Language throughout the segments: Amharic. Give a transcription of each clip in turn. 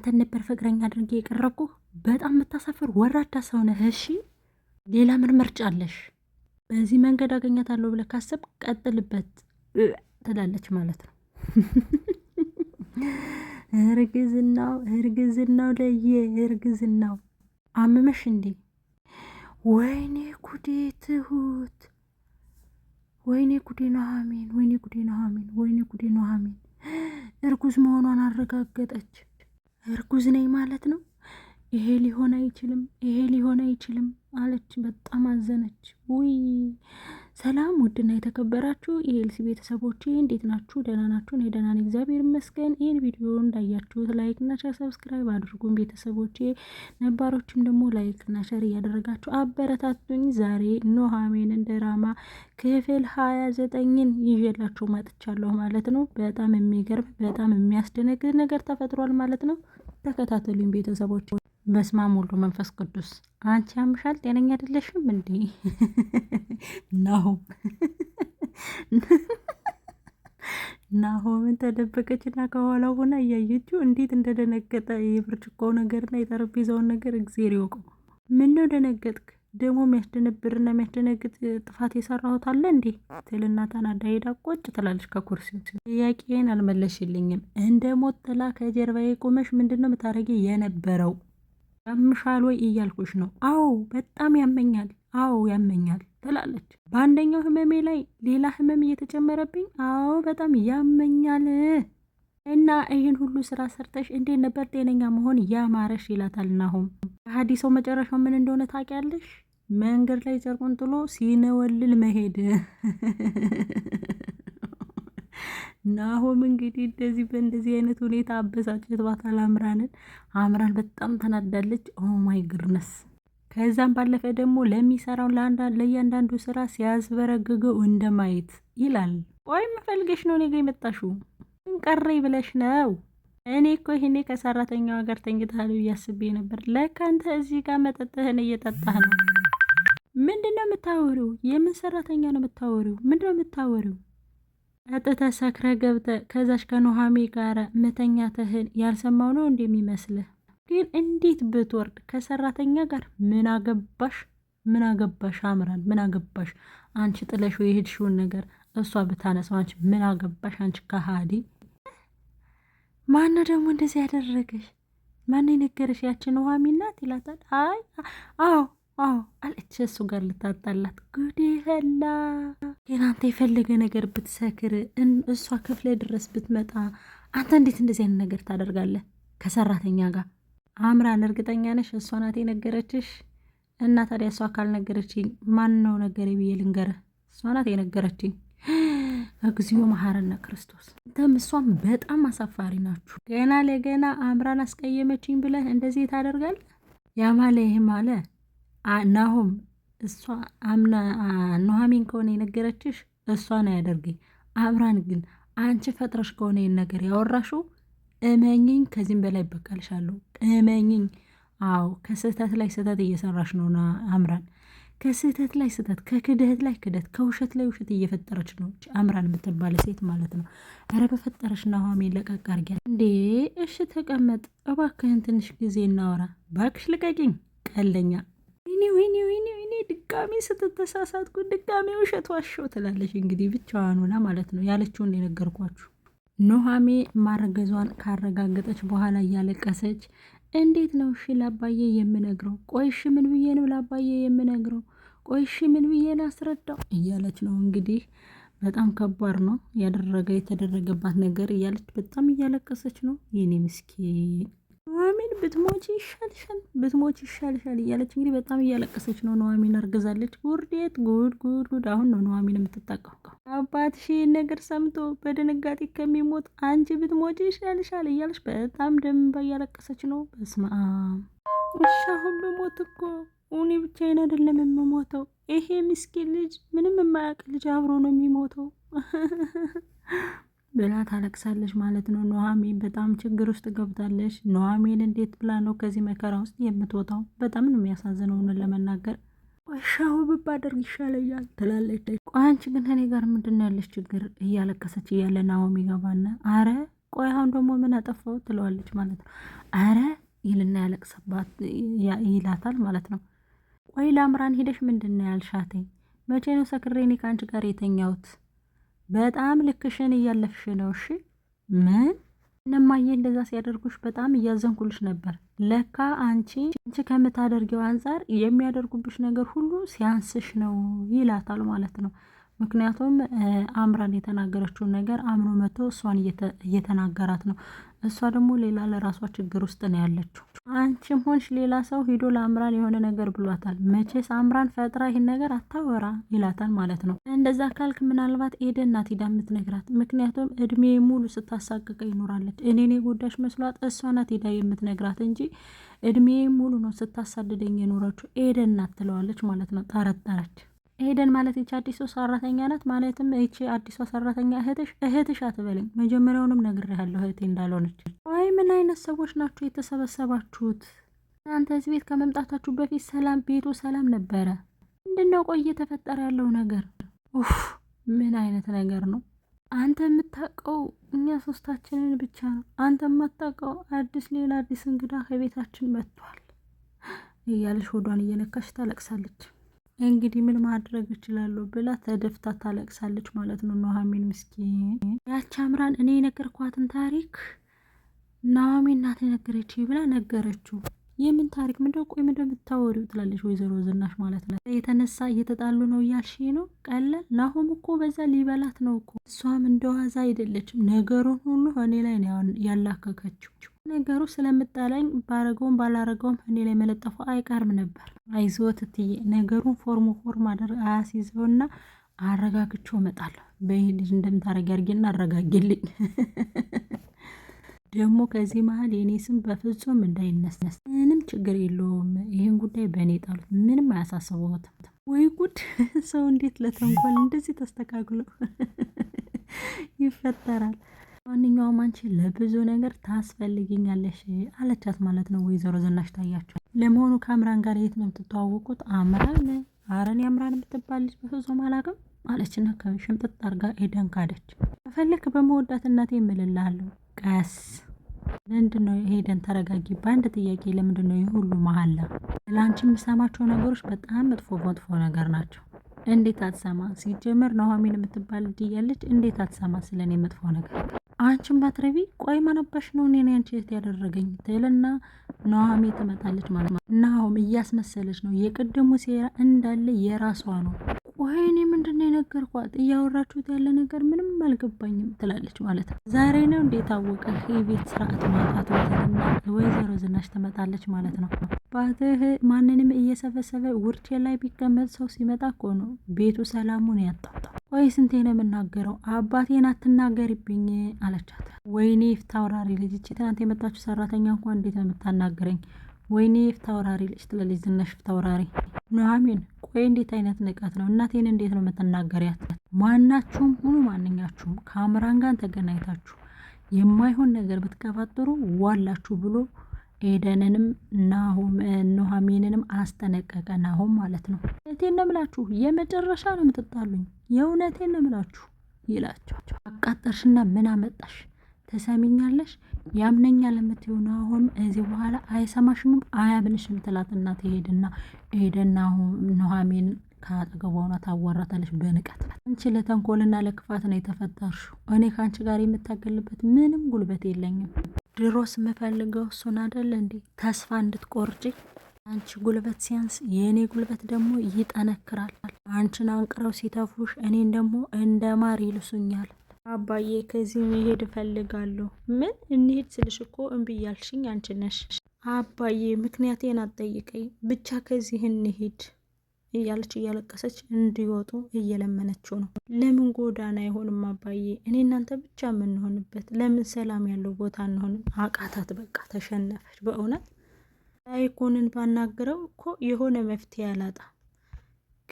አንተን ነበር ፍቅረኛ አድርጌ የቀረብኩ። በጣም የምታሳፍር ወራዳ ሰው ነህ። እሺ ሌላ ምን ምርጫ አለሽ? በዚህ መንገድ አገኛታለሁ ብለህ ካሰብ ቀጥልበት ትላለች ማለት ነው። እርግዝናው እርግዝናው ለየ እርግዝናው አመመሽ እንዴ? ወይኔ ጉዴ ትሁት፣ ወይኔ ጉዴ ኑሐሚን፣ ወይኔ ጉዴ ኑሐሚን፣ ወይኔ ጉዴ ኑሐሚን እርጉዝ መሆኗን አረጋገጠች። እርጉዝ ነኝ ማለት ነው። ይሄ ሊሆን አይችልም፣ ይሄ ሊሆን አይችልም አለች። በጣም አዘነች። ውይ ሰላም ውድና የተከበራችሁ የኤልሲ ቤተሰቦች እንዴት ናችሁ? ደህና ናችሁ? እኔ ደህና ነኝ፣ እግዚአብሔር ይመስገን። ይህን ቪዲዮ እንዳያችሁት ላይክ እና ሸር ሰብስክራይብ አድርጉን ቤተሰቦች። ነባሮችም ደግሞ ላይክ እና ሸር እያደረጋችሁ አበረታቱኝ። ዛሬ ኑሃሚንን ድራማ ክፍል ሀያ ዘጠኝን ይዤላችሁ ማጥቻለሁ ማለት ነው። በጣም የሚገርም በጣም የሚያስደነግጥ ነገር ተፈጥሯል ማለት ነው። ተከታተሉኝ ቤተሰቦች። በስማም ወልድ መንፈስ ቅዱስ አንቺ ያምሻል፣ ጤነኛ አይደለሽም እንዴ? ናሆም ናሆምን ተደበቀችና ከኋላ ሆና እያየችው እንዴት እንደደነገጠ የብርጭቆ ነገርና የጠረጴዛውን ነገር እግዜር ይወቀው። ምን ነው ደነገጥክ? ደግሞ የሚያስደነብርና የሚያስደነግጥ ጥፋት የሰራሁት አለ እንዴ? ትልና ተናዳ ሄዳ ቆጭ ትላለች ከኩርሲ። ጥያቄን አልመለሽልኝም። እንደ ሞት ጥላ ከጀርባዬ ቆመሽ ምንድን ነው የምታደርጊ የነበረው ያምሻል ወይ እያልኩሽ ነው። አዎ በጣም ያመኛል፣ አዎ ያመኛል ትላለች። በአንደኛው ህመሜ ላይ ሌላ ህመም እየተጨመረብኝ፣ አዎ በጣም ያመኛል። እና ይህን ሁሉ ስራ ሰርተሽ እንዴት ነበር ጤነኛ መሆን ያማረሽ? ይላታል ናሆም። ከሀዲስ መጨረሻው ምን እንደሆነ ታውቂያለሽ? መንገድ ላይ ጨርቁን ጥሎ ሲነወልል መሄድ ናሆም እንግዲህ እንደዚህ በእንደዚህ አይነት ሁኔታ አበሳጨት ባታል አምራንን አምራን በጣም ተናዳለች። ማይ ግርነስ ከዛም ባለፈ ደግሞ ለሚሰራው ለእያንዳንዱ ስራ እንደ እንደማየት ይላል። ቆይ ምፈልገሽ ነው እኔ ጋ የመጣሽው እንቀረኝ ብለሽ ነው። እኔ እኮ ይህኔ ከሰራተኛዋ ጋር ተኝተሃል ብዬ አስቤ ነበር። ለካ አንተ እዚህ ጋር መጠጥህን እየጠጣህ ነው። ምንድን ነው የምታወሪው? የምን ሰራተኛ ነው የምታወሪው? ምንድን ነው የምታወሪው? እጥተ ሰክረ ገብተ ከዛች ከኑሃሜ ጋር መተኛትህን ያልሰማው ነው እንደሚመስልህ። ግን እንዴት ብትወርድ ከሰራተኛ ጋር ምን አገባሽ? ምን አገባሽ አምራን፣ ምን አገባሽ አንቺ ጥለሽው የሄድሽውን ነገር እሷ ብታነሳው አንቺ ምን አገባሽ አንቺ ከሃዲ። ማነው ደግሞ እንደዚህ ያደረገሽ? ማን የነገረሽ? ያችን ውሃ ሚናት ይላታል። አይ አዎ አዎ አለች። እሱ ጋር ልታጣላት ጉዴ ፈላ። ግን አንተ የፈለገ ነገር ብትሰክር፣ እሷ ክፍለ ድረስ ብትመጣ፣ አንተ እንዴት እንደዚህ አይነት ነገር ታደርጋለህ ከሰራተኛ ጋር? አምራን እርግጠኛ ነሽ እሷ ናት የነገረችሽ? እና ታዲያ እሷ ካልነገረችኝ ማን ነው ነገሬ ብዬ ልንገረ እሷ ናት የነገረችኝ። እግዚኦ መሐረነ ክርስቶስ። እንተም እሷም በጣም አሳፋሪ ናችሁ። ገና ለገና አምራን አስቀየመችኝ ብለህ እንደዚህ ታደርጋለህ? ያማለ ይህም አለ ናሆም እሷ አምና ኑሐሚን ከሆነ የነገረችሽ እሷ ነው ያደርገኝ። አምራን ግን አንቺ ፈጥረሽ ከሆነ ይህን ነገር ያወራሽው እመኝኝ፣ ከዚህም በላይ በቀልሻለሁ። እመኝኝ። አዎ ከስህተት ላይ ስህተት እየሰራሽ ነው አምራን። ከስህተት ላይ ስህተት፣ ከክደት ላይ ክደት፣ ከውሸት ላይ ውሸት እየፈጠረች ነው አምራን የምትባለ ሴት ማለት ነው። ኧረ በፈጠረሽ ኑሐሚን ለቀቅ አድርጊያት እንዴ! እሺ ተቀመጥ እባክህን፣ ትንሽ ጊዜ እናወራ። ባክሽ ልቀቂኝ፣ ቀለኛ ወይኔ ወይኔ ወይኔ ወይኔ ድጋሜ ስትተሳሳትኩ ድጋሜ ውሸት ዋሸው ትላለች። እንግዲህ ብቻዋን ሆና ማለት ነው ያለችውን የነገርኳችሁ። ኑሃሜ ማረገዟን ካረጋገጠች በኋላ እያለቀሰች እንዴት ነው እሺ ላባዬ የምነግረው? ቆይ ምን ብዬ ነው ላባዬ የምነግረው? ቆይ ምን ብዬ ላስረዳው? እያለች ነው እንግዲህ በጣም ከባድ ነው ያደረገ የተደረገባት ነገር እያለች በጣም እያለቀሰች ነው የኔ ምስኪን ኑሐሚን ብትሞች ይሻልሻል ብትሞች ይሻልሻል እያለች እንግዲህ በጣም እያለቀሰች ነው። ኑሐሚን አርግዛለች። ጉርዴት ጉድ ጉድ ጉድ! አሁን ነው ኑሐሚን የምትጣቀቀው። አባትሽ ይህን ነገር ሰምቶ በድንጋጤ ከሚሞት አንቺ ብትሞች ይሻልሻል እያለች በጣም ደምባ እያለቀሰች ነው። በስመ አብ! ውሻ ሁሉ ሞት እኮ እኔ ብቻዬን አይደለም የምሞተው። ይሄ ምስኪን ልጅ ምንም የማያውቅ ልጅ አብሮ ነው የሚሞተው። ብላ ታለቅሳለች ማለት ነው። ኑሐሚን በጣም ችግር ውስጥ ገብታለች። ኑሐሚን እንዴት ብላ ነው ከዚህ መከራ ውስጥ የምትወጣው? በጣም ነው የሚያሳዝነው ለመናገር ሻሁ ብባደርግ ይሻለኛል ትላለች። ቆይ አንቺ ግን ከኔ ጋር ምንድን ያለች ችግር? እያለቀሰች እያለ ናሆም ይገባና አረ ቆይ አሁን ደግሞ ምን አጠፋው ትለዋለች ማለት ነው። አረ ይልና ያለቅሰባት ይላታል ማለት ነው። ቆይ ለአምራን ሂደሽ ምንድን ነው መቼ ነው ሰክሬ እኔ ከአንቺ ጋር የተኛውት በጣም ልክሽን እያለፍሽ ነው። እሺ ምን እነማዬ እንደዛ ሲያደርጉሽ በጣም እያዘንኩልሽ ነበር። ለካ አንቺ አንቺ ከምታደርጊው አንጻር የሚያደርጉብሽ ነገር ሁሉ ሲያንስሽ ነው ይላታል ማለት ነው። ምክንያቱም አምራን የተናገረችውን ነገር አምኖ መቶ እሷን እየተናገራት ነው። እሷ ደግሞ ሌላ ለራሷ ችግር ውስጥ ነው ያለችው። አንቺም ሆንሽ ሌላ ሰው ሂዶ ለአምራን የሆነ ነገር ብሏታል። መቼስ አምራን ፈጥራ ይህን ነገር አታወራ ይላታል ማለት ነው። እንደዛ ካልክ ምናልባት ኤደን ናት ሂዳ የምትነግራት። ምክንያቱም እድሜ ሙሉ ስታሳቅቀ ይኖራለች። እኔን የጎዳሽ መስሏት እሷ ናት ሂዳ የምትነግራት እንጂ እድሜ ሙሉ ነው ስታሳድደኝ የኖረችው ኤደን ናት ትለዋለች ማለት ነው። ጠረጠረች። ኤደን ማለት ይቺ አዲሷ ሰራተኛ ናት። ማለትም ይቺ አዲሷ ሰራተኛ እህትሽ እህትሽ አትበለኝ፣ መጀመሪያውንም ነግሬሃለሁ እህቴ እንዳልሆነች። ወይ ምን አይነት ሰዎች ናችሁ የተሰበሰባችሁት? እናንተ እዚህ ቤት ከመምጣታችሁ በፊት ሰላም ቤቱ ሰላም ነበረ። ምንድነው ቆይ እየተፈጠረ ያለው ነገር? ኡፍ ምን አይነት ነገር ነው? አንተ የምታውቀው እኛ ሶስታችንን ብቻ ነው። አንተ የማታውቀው አዲስ ሌላ አዲስ እንግዳ ከቤታችን መጥቷል እያለሽ ሆዷን እየነካሽ ታለቅሳለች። እንግዲህ ምን ማድረግ እችላለሁ ብላ ተደፍታ ታለቅሳለች ማለት ነው። ኑሐሚን ምስኪን ያች አምራን እኔ የነገርኳትን ታሪክ ናኦሚ እናት የነገረች ብላ ነገረችው። የምን ታሪክ ምንደ ቆይ ምንደ የምታወሪው ትላለች ወይዘሮ ዝናሽ ማለት ነው። የተነሳ እየተጣሉ ነው እያልሽ ነው? ቀላል ናሆም እኮ በዛ ሊበላት ነው እኮ እሷም እንደዋዛ አይደለችም። ነገሩን ሁሉ እኔ ላይ ያላከከችው ነገሩ ስለምጣላኝ ባረገውም ባላረገውም እኔ ላይ መለጠፉ አይቀርም ነበር። አይዞት እትዬ ነገሩን ፎርሞ ፎርም አያስይዘውና አረጋግቼው እመጣለሁ። በይህ እንደምታረጊ አድርጌና አረጋግልኝ። ደግሞ ከዚህ መሀል የእኔ ስም በፍጹም እንዳይነስነስ። ምንም ችግር የለውም። ይህን ጉዳይ በእኔ ጣሉት፣ ምንም አያሳስበትም ወይ ጉድ! ሰው እንዴት ለተንኮል እንደዚህ ተስተካክሎ ይፈጠራል? ማንኛውም አንቺ ለብዙ ነገር ታስፈልግኛለሽ አለቻት ማለት ነው። ወይዘሮ ዝናሽ ታያቸው ለመሆኑ ከአምራን ጋር የት ነው የምትተዋወቁት? አምራን አረን አምራን የምትባል ልጅ በፍጹም አላውቅም አለችና ከሽምጥጥ አርጋ ኤደን ካደች። ከፈለክ በመወዳት እናቴ እምልልሃለሁ። ቀስ ምንድን ነው ሄደን ተረጋጊ። በአንድ ጥያቄ ለምንድን ነው ይህ ሁሉ መሀላ? ለአንቺ የምሰማቸው ነገሮች በጣም መጥፎ መጥፎ ነገር ናቸው። እንዴት አትሰማ? ሲጀመር ኑሐሚን የምትባል ልጅ እያለች እንዴት አትሰማ ስለኔ መጥፎ ነገር አንቺን ባትረቢ ቆይ መነበሽ ነው እኔ አንቺ እህት ያደረገኝ ትልና ናሆሜ ትመጣለች ማለት ነው። ናሆም እያስመሰለች ነው የቅድሙ ሴራ እንዳለ የራሷ ነው። ወይ እኔ ምንድነ የነገርኳት? እያወራችሁት ያለ ነገር ምንም አልገባኝም ትላለች ማለት ነው። ዛሬ ነው እንዴ ታወቀ የቤት ስርዓት ማጣት ወይዘሮ ዝናሽ ትመጣለች ማለት ነው። ባትህ ማንንም እየሰበሰበ ውርቼ ላይ ቢቀመጥ ሰው ሲመጣ እኮ ነው ቤቱ ሰላሙን ያጣጣ። ወይ ስንቴ ነው የምናገረው? አባቴን አትናገሪብኝ አለቻት። ወይኔ ፊታውራሪ ልጅ ትናንት የመጣችሁ ሰራተኛ እንኳን እንዴት ነው የምታናገረኝ? ወይኔ ፍታውራሪ ልጅ ትላለች ዝናሽ ፍታውራሪ ኑሐሚን ቆይ እንዴት አይነት ንቀት ነው እናቴን እንዴት ነው የምትናገሪያት ማናችሁም ሁኑ ማንኛችሁም ከአምራን ጋር ተገናኝታችሁ የማይሆን ነገር ብትቀባጥሩ ዋላችሁ ብሎ ኤደንንም ናሆም ኑሐሚንንም አስጠነቀቀ ናሆም ማለት ነው እውነቴን ነው የምላችሁ የመጨረሻ ነው የምትጣሉኝ የእውነቴን ነው የምላችሁ ይላቸው አቃጠርሽና ምን አመጣሽ ትሰሚኛለሽ ያምነኛ ለምትሆነ አሁን እዚህ በኋላ አይሰማሽምም አያብልሽም ትላትና ትሄድና ሄደና አሁን ኑሐሚን ከአጠገቧ ሆና ታዋራታለች በንቀት አንቺ ለተንኮልና ለክፋት ነው የተፈጠርሽው እኔ ከአንቺ ጋር የምታገልበት ምንም ጉልበት የለኝም ድሮስ የምፈልገው እሱን አደለ እንዴ ተስፋ እንድትቆርጪ አንቺ ጉልበት ሲያንስ የእኔ ጉልበት ደግሞ ይጠነክራል አንቺን አንቅረው ሲተፉሽ እኔን ደግሞ እንደ ማር ይልሱኛል አባዬ ከዚህ መሄድ እፈልጋለሁ። ምን እንሄድ ስልሽ እኮ እምቢ እያልሽኝ አንቺ ነሽ። አባዬ ምክንያቴን አትጠይቀኝ፣ ብቻ ከዚህ እንሄድ እያለች እያለቀሰች እንዲወጡ እየለመነችው ነው። ለምን ጎዳና አይሆንም አባዬ፣ እኔ እናንተ ብቻ የምንሆንበት ለምን ሰላም ያለው ቦታ እንሆን? አቃታት፣ በቃ ተሸነፈች። በእውነት ላይኮንን ባናገረው እኮ የሆነ መፍትሄ ያላጣ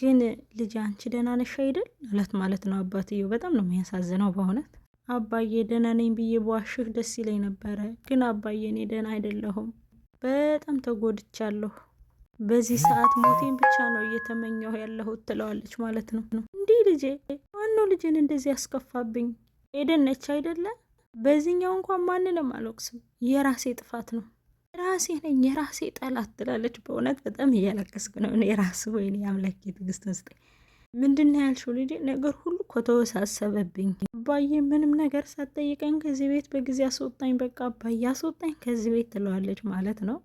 ግን ልጅ አንቺ ደህና ነሽ አይደል እለት ማለት ነው አባትየው። በጣም ነው የሚያሳዝነው በእውነት አባዬ ደህና ነኝ ብዬ በዋሽህ ደስ ይለኝ ነበረ፣ ግን አባዬ እኔ ደህና አይደለሁም፣ በጣም ተጎድቻለሁ። በዚህ ሰዓት ሞቴን ብቻ ነው እየተመኘሁ ያለሁት ትለዋለች ማለት ነው። እንዲህ ልጄ ማነው ልጅን እንደዚህ ያስከፋብኝ? ኤደን ነች አይደለ? በዚህኛው እንኳን ማንንም አልወቅስም፣ የራሴ ጥፋት ነው ራሴ ነኝ የራሴ ጠላት ትላለች። በእውነት በጣም እያለቀስኩ ነው እኔ ራስ። ወይኔ አምላኬ ትዕግስትን ስጠኝ። ምንድን ነው ያልሽው ልጄ? ነገር ሁሉ ከተወሳሰበብኝ አባዬ ምንም ነገር ሳትጠይቀኝ ከዚህ ቤት በጊዜ አስወጣኝ፣ በቃ አባዬ አስወጣኝ ከዚህ ቤት ትለዋለች ማለት ነው።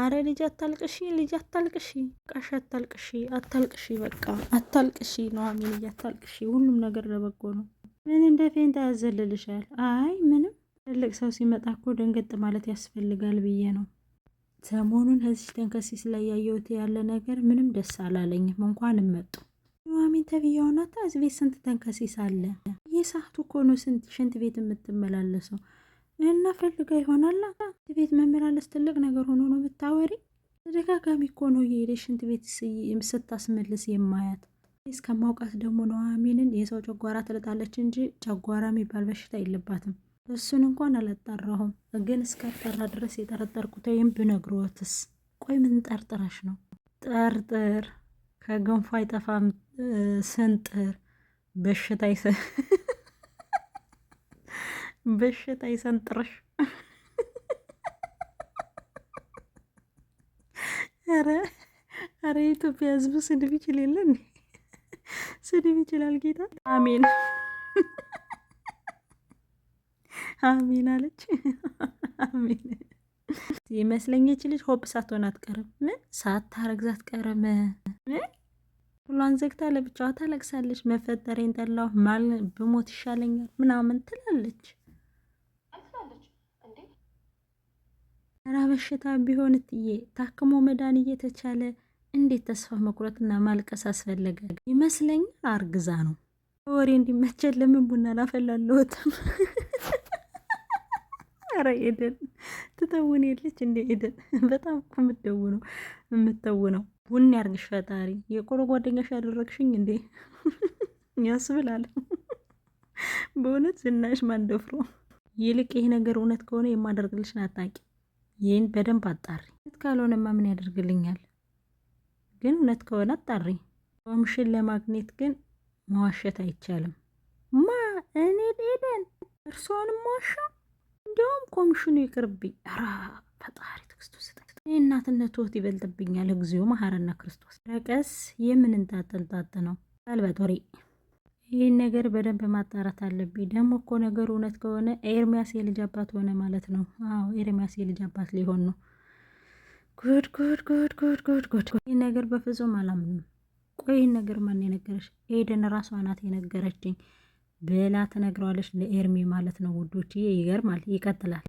አረ ልጅ አታልቅሺ፣ ልጅ አታልቅሺ፣ ቃሽ አታልቅሺ፣ አታልቅሺ፣ በቃ አታልቅሺ ነው አሚን፣ አታልቅሺ፣ ሁሉም ነገር ለበጎ ነው። ምን እንደ ፌንታ ያዘልልሻል? አይ ምንም፣ ትልቅ ሰው ሲመጣ እኮ ደንገጥ ማለት ያስፈልጋል ብዬ ነው ሰሞኑን ህዝሽ ተንከሲስ ላይ ያየሁት ያለ ነገር ምንም ደስ አላለኝም። እንኳን መጡ ኑሐሚን ተብዬዋ ናት። እዚህ ቤት ስንት ተንከሲስ አለ። የሰዓቱ እኮ ነው ስንት ሽንት ቤት የምትመላለሰው እና ፈልጋ ይሆናላ። ሽንት ቤት መመላለስ ትልቅ ነገር ሆኖ ነው የምታወሪ። ተደጋጋሚ እኮ ነው የሄደች ሽንት ቤት ስታስመልስ የማያት። እስከማውቃት ደግሞ ኑሐሚንን የሰው ጨጓራ ትልጣለች እንጂ ጨጓራ የሚባል በሽታ የለባትም። እሱን እንኳን አላጣራሁም፣ ግን እስካጣራ ድረስ የጠረጠርኩት ወይም ብነግሮትስ? ቆይ ምን ጠርጥረሽ ነው? ጠርጥር ከገንፎ አይጠፋም ስንጥር በሽታ ይሰ በሽታ ይሰንጥርሽ። ኧረ የኢትዮጵያ ሕዝብ ስድብ ይችል የለን ስድብ ይችላል። ጌታ አሜን። አሜን አለች። አሚን ይመስለኝ ይች ልጅ ሆፕ ሳትሆን አትቀርም። ምን ሳታረግዝ አትቀርም። ሁሏን ዘግታ ለብቻዋ ታለቅሳለች። መፈጠሬን ጠላሁ ማል ብሞት ይሻለኛል ምናምን ትላለች። ራ በሽታ ቢሆን እትዬ ታክሞ መዳን እየተቻለ እንዴት ተስፋ መቁረጥና ማልቀስ አስፈለገ? ይመስለኛል አርግዛ ነው። ወሬ እንዲመቸል ለምን ቡና ላፈላለወትም አረ ኤደን ትተውን የለች እንደ ኤደን በጣም እኮ የምትደውነው የምትተውነው ቡኒ ያርግሽ ፈጣሪ። የቆሎ ጓደኛሽ ያደረግሽኝ እንዴ ያስብላል በእውነት ዝናሽ ማንደፍሮ። ይልቅ ይሄ ነገር እውነት ከሆነ የማደርግልሽን አታቂ፣ ይህን በደንብ አጣሪ። ካልሆነማ ምን ያደርግልኛል? ግን እውነት ከሆነ አጣሪ። ሮምሽን ለማግኘት ግን መዋሸት አይቻልም። ማ እኔ ኤደን እርሷንም ዋሻ እንዲያውም ኮሚሽኑ ይቅርብኝ። ኧረ ፈጣሪ ክርስቶስ እናትነት ወት ይበልጥብኛል። እግዚኦ መሐረነ ክርስቶስ። ረቀስ የምንንጣጠልጣጥ ነው አልበጦሪ ይህን ነገር በደንብ ማጣራት አለብኝ። ደግሞ እኮ ነገሩ እውነት ከሆነ ኤርሚያስ የልጅ አባት ሆነ ማለት ነው። አዎ ኤርሚያስ የልጅ አባት ሊሆን ነው። ጉድ ጉድ ጉድ ጉድ ጉድ ጉድ! ይህ ነገር በፍጹም አላምንም። ቆይ ይህን ነገር ማን የነገረች? ኤደን ራሷ ናት የነገረችኝ። ብላ ትነግረዋለች ለኤርሚ ማለት ነው። ውዶችዬ ይገርማል። ይቀጥላል።